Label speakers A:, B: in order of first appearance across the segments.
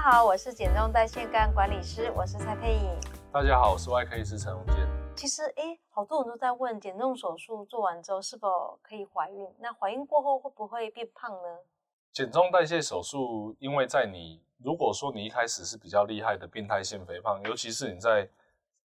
A: 大家好，我是減重代謝個管理師，我是蔡沛穎。
B: 大家好，我是外科醫師陳榮堅。
A: 其實，哎、欸，好多人都在問，減重手術做完之後是否可以懷孕？那懷孕過後會不會變胖呢？
B: 減重代謝手術，因為在你，如果說你一開始是比較厲害的病態性肥胖，尤其是你在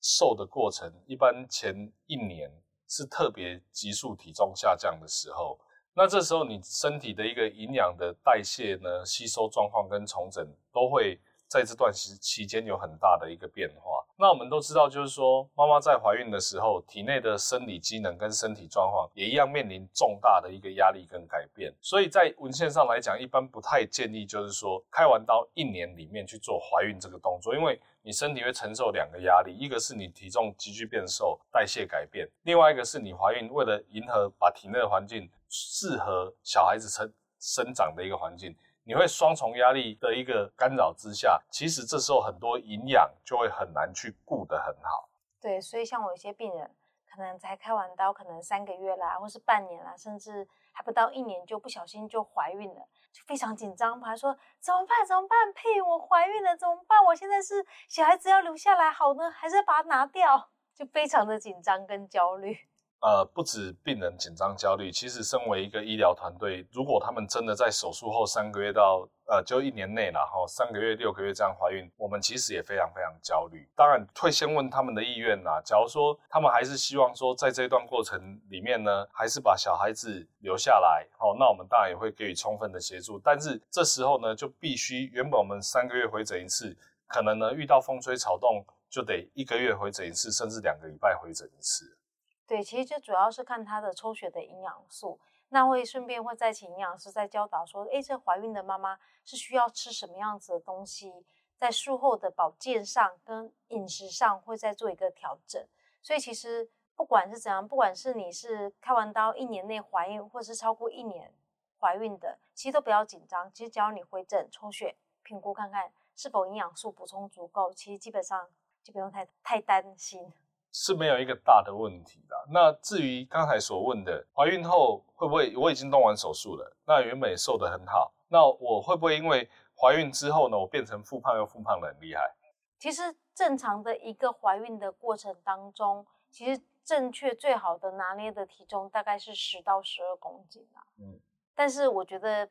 B: 瘦的過程，一般前一年是特別急速體重下降的時候。那這時候你身體的一個營養的代謝呢、吸收狀況跟重整都會在這段時期間有很大的一個變化。那我們都知道，就是說媽媽在懷孕的時候，體內的生理機能跟身體狀況也一樣面臨重大的一個壓力跟改變。所以在文獻上來講，一般不太建議就是說開完刀一年裡面去做懷孕這個動作，因為你身體會承受兩個壓力：一個是你體重急劇變瘦，代謝改變；另外一個是你懷孕為了迎合把體內的環境。適合小孩子生生長的一個環境，你會雙重壓力的一個干擾之下，其實這時候很多營養就會很難去顧得很好。
A: 對，所以像我有些病人，可能才開完刀，可能三個月啦，或是半年啦，甚至還不到一年，就不小心就懷孕了，就非常緊張嘛，說怎麼辦？怎麼辦？沛，我懷孕了，怎麼辦？我現在是小孩子要留下來好呢，還是要把它拿掉？就非常的緊張跟焦慮。
B: 呃，不只病人緊張焦慮，其實身為一個醫療團隊，如果他們真的在手術後三個月到呃就一年內，然後三個月、六個月這樣懷孕，我們其實也非常非常焦慮。當然會先問他們的意願啦。假如說他們還是希望說在這段過程裡面呢，還是把小孩子留下來，齁，那我們當然也會給予充分的協助。但是這時候呢，就必須原本我們三個月回診一次，可能呢遇到風吹草動，就得一個月回診一次，甚至兩個禮拜回診一次。
A: 對，其實就主要是看她的抽血的營養素，那會順便會再請營養師再教導說，誒，這懷孕的媽媽是需要吃什麼樣子的東西，在術後的保健上跟飲食上會再做一個調整。所以其實不管是怎樣，不管是你是開完刀一年內懷孕，或是超過一年懷孕的，其實都不要緊張。其實只要你回診抽血評估看看是否營養素補充足夠，其實基本上就不用太太擔心，
B: 是沒有一個大的問題的。那至於剛才所問的，懷孕後會不會我已經動完手術了？那原本也瘦得很好，那我會不會因為懷孕之後呢，我變成復胖又復胖的很厲害？
A: 其實正常的一個懷孕的過程當中，其實正確最好的拿捏的體重大概是十到十二公斤啊。嗯。但是我覺得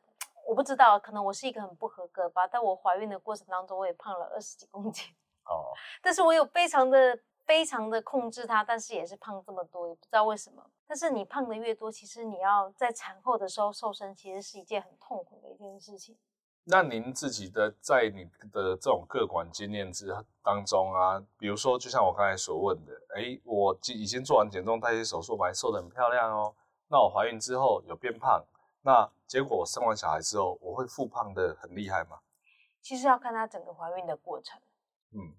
A: 我不知道，可能我是一個很不合格吧。在我懷孕的過程當中，我也胖了二十幾公斤。哦。但是我有非常的。非常的控制它，但是也是胖這麼多，也不知道為什麼。但是你胖的越多，其實你要在產後的時候瘦身，其實是一件很痛苦的一件事情。
B: 那您自己的在你的這種個管經驗之當中啊，比如說就像我剛才所問的，哎、欸，我已經做完減重代謝手術，我還瘦的很漂亮哦。那我懷孕之後有變胖，那結果我生完小孩之後我會復胖的很厲害嗎？
A: 其實要看她整個懷孕的過程。嗯。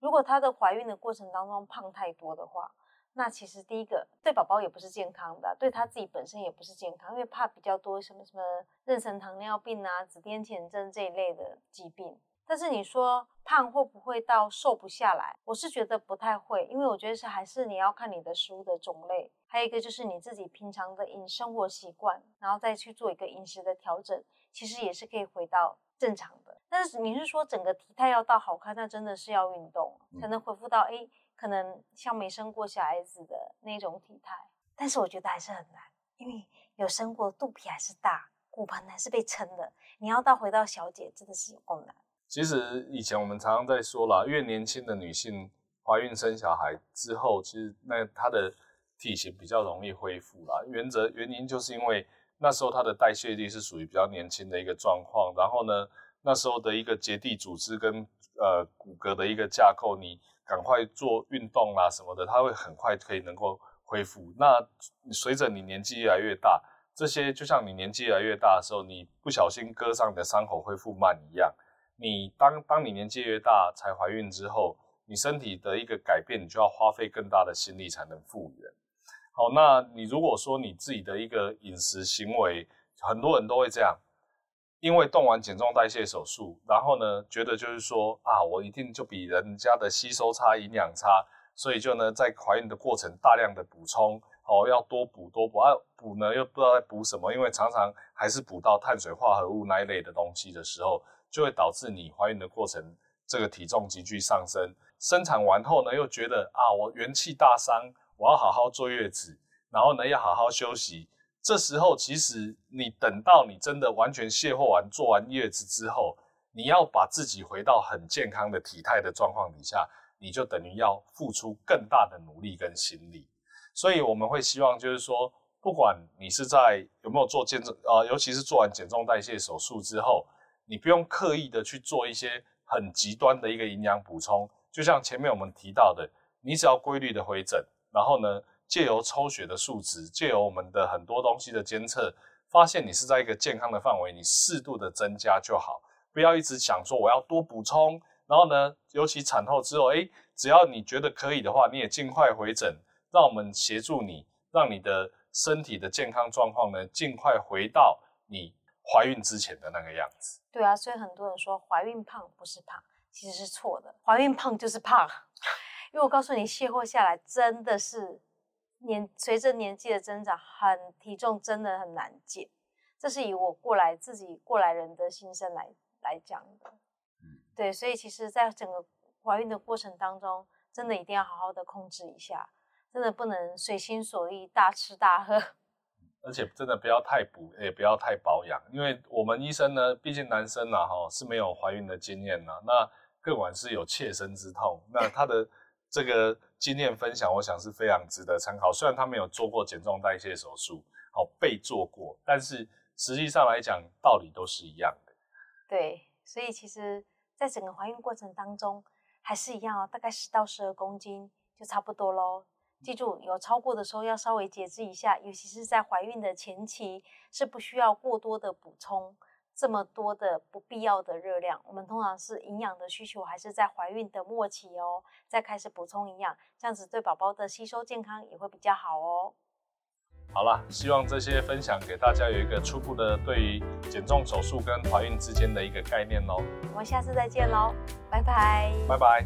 A: 如果她的懷孕的過程當中胖太多的話，那其實第一個對寶寶也不是健康的，對她自己本身也不是健康，因為怕比較多什麼什麼妊娠糖尿病啊、子癇前症這一類的疾病。但是你說胖會不會到瘦不下來？我是覺得不太會，因為我覺得是還是你要看你的食物的種類，還有一個就是你自己平常的飲生活習慣，然後再去做一個飲食的調整，其實也是可以回到正常的。但是你是說整個體態要到好看，那真的是要運動才能恢復到哎、欸，可能像沒生過小孩子的那種體態。但是我覺得還是很難，因為有生過，肚皮還是大，骨盆還是被撐的。你要到回到小姐，真的是有夠難。
B: 其實以前我們常常在說啦，越年輕的女性懷孕生小孩之後，其實那她的體型比較容易恢復啦。原則原因就是因為那時候她的代謝力是屬於比較年輕的一個狀況。然後呢，那時候的一個結締組織跟呃骨骼的一個架構，你趕快做運動啦、啊、什麼的，它會很快可以能夠恢復。那隨着你年紀越來越大，這些就像你年紀越來越大的時候，你不小心割傷你的傷口恢復慢一樣。你當當你年紀越大才懷孕之後，你身體的一個改變，你就要花費更大的心力才能復原。好，那你如果說你自己的一個飲食行為，很多人都會這樣。因為動完減重代謝手術，然後呢，覺得就是說啊，我一定就比人家的吸收差、營養差，所以就呢，在懷孕的過程大量的補充，哦，要多補多補，啊，補呢又不知道在補什麼，因為常常還是補到碳水化合物那一類的東西的時候，就會導致你懷孕的過程這個體重急劇上升。生產完後呢，又覺得啊，我元氣大傷，我要好好坐月子，然後呢要好好休息。這時候，其實你等到你真的完全卸貨完，做完月子之後，你要把自己回到很健康的體態的狀況底下，你就等於要付出更大的努力跟心力。所以我們會希望，就是說，不管你是在有沒有做減重，呃，尤其是做完減重代謝手術之後，你不用刻意的去做一些很極端的一個營養補充。就像前面我們提到的，你只要規律的回診，然後呢，借由抽血的數值，借由我們的很多東西的監測，發現你是在一個健康的範圍，你適度的增加就好，不要一直想說我要多補充。然後呢，尤其產後之後，哎、欸，只要你覺得可以的話，你也盡快回診，讓我們協助你，讓你的身體的健康狀況呢盡快回到你懷孕之前的那個樣子。
A: 對啊，所以很多人說懷孕胖不是胖，其實是錯的，懷孕胖就是胖， 因為我告訴你卸貨下來真的是。年隨着年紀的增長很，很體重真的很難減，這是以我過來自己過來人的心聲來來講的、嗯。對，所以其實在整個懷孕的過程當中，真的一定要好好的控制一下，真的不能隨心所欲大吃大喝。
B: 而且真的不要太補，也不要太保養，因為我們醫生呢，畢竟男生啊，哈是沒有懷孕的經驗了、啊，那更然是有切身之痛，那他的這個。 經驗分享，我想是非常值得參考。雖然他沒有做過減重代謝手術，好被做過，但是實際上來講，道理都是一樣的。
A: 對，所以其實在整個懷孕過程當中，還是一樣哦，大概十到十二公斤就差不多嘍。記住，有超過的時候要稍微節制一下，尤其是在懷孕的前期，是不需要過多的補充。這麼多的不必要的熱量，我們通常是營養的需求還是在懷孕的末期哦、喔，再開始補充營養，這樣子對寶寶的吸收健康也會比較好哦、喔。
B: 好啦，希望這些分享給大家有一個初步的對於減重手術跟懷孕之間的一個概念哦、喔，我
A: 們下次再見嘍，拜拜、
B: 拜拜。